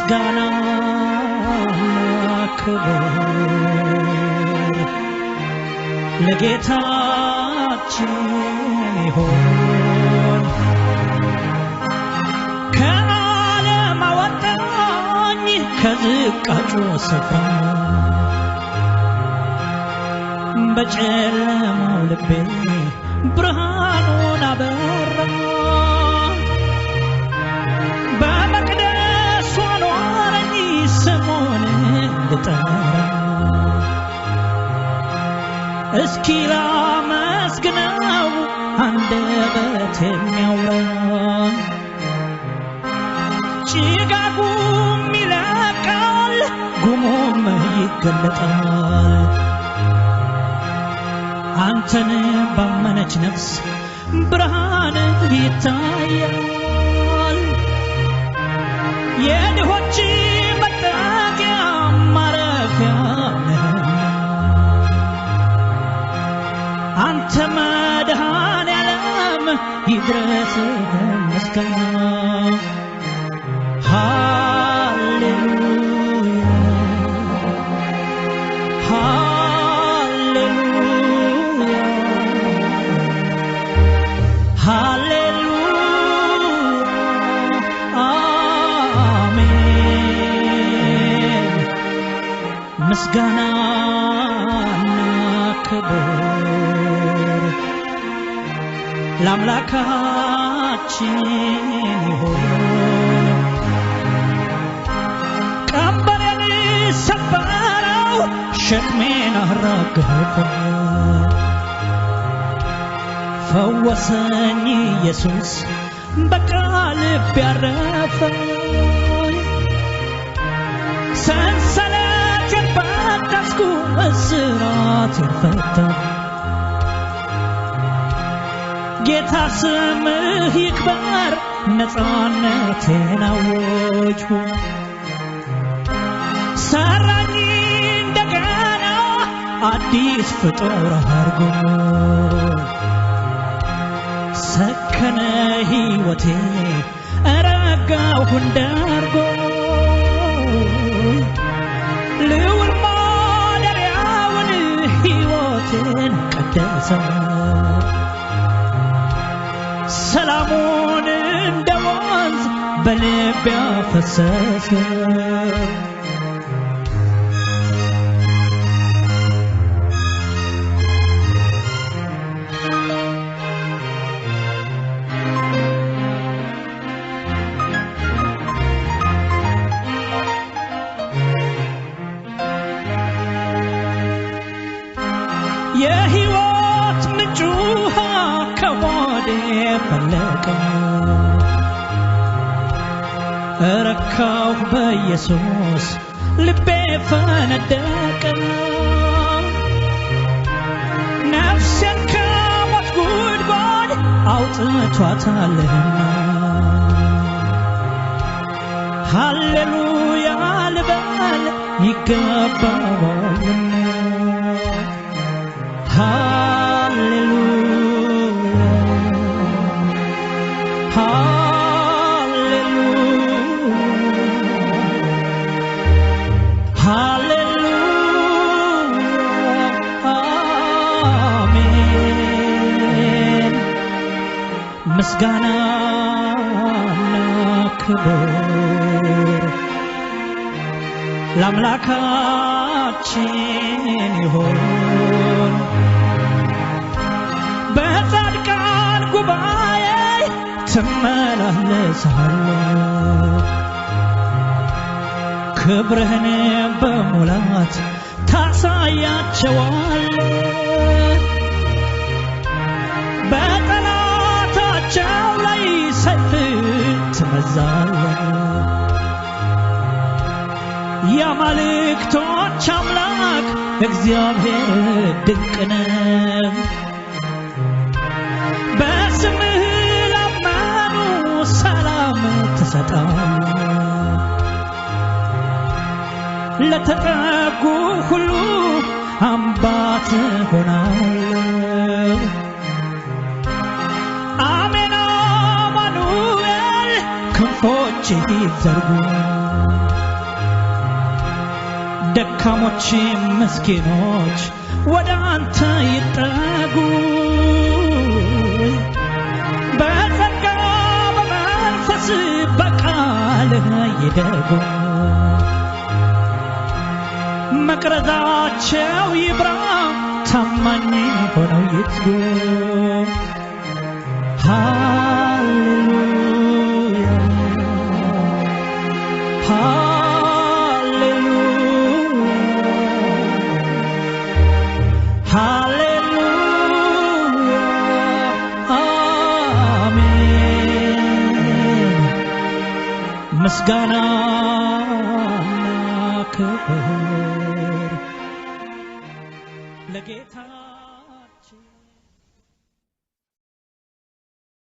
ምስጋና ክብር ለጌታችን ይሆን ከዓለም አወጣኝ ከዝቃጩ ስፍራ በጨለማው ልቤ ብርሃኑን አበራ ልጠራው እስኪ ላመስግነው አንደበት የሚያወራው ጭጋጉም ይለቃል ጉሞም ይገለጣል አንተን ባመነች ነፍስ ብርሃን ይታያል የድሆች መጠ ምስጋናና ክብር ለአምላካችን ይሆን። ሸክሜን አራገፈ ፈወሰኝ ኢየሱስ በቃል ቢያረፈ ሰንሰለት የርበጠስኩ እስራት የፈታ ጌታ ስምህ ይክበር ነፃነቴን አወጅሁ ሰራኝ አዲስ ፍጡር አድርጎ ሰከነ ሕይወቴ ረጋሁ እንዳርጎ ልውል ማደሪያውን ሕይወቴን ቀደሰ ሰላሙን እንደ ወንዝ በልቤ አፈሰሰ ሆዴ ፈለቀኝ ረካሁ በኢየሱስ ልቤ ፈነደቀ ነፍሴን ከሞት ጉድጓድ አውጥቷታልና ሃሌሉያ ልበል ይገባዋልና ምስጋናና ክብር ለአምላካችን ይሆን በጻድቃን ጉባኤ ትመላለሳለህ ክብርህን በሙላት ታሳያቸዋል በጠላ የአማልክቶች አምላክ እግዚአብሔር ድንቅ ነው። በስምህ ላመኑ ሰላም ተሰጠው። ለተጠጉ ሁሉ አምባት ትሆናል። አሜን አማኑኤል ክንፎች ይዘርጉ ደካሞችም መስኪኖች ወደ አንተ ይጠጉ በጸጋ በመንፈስ በቃልህ ይደጉ መቅረዛቸው ይብራ ታማኝ ሆነው ይትጉ ሃሌሉያ ሃሌሉያ ምስጋና ክብር ለጌታ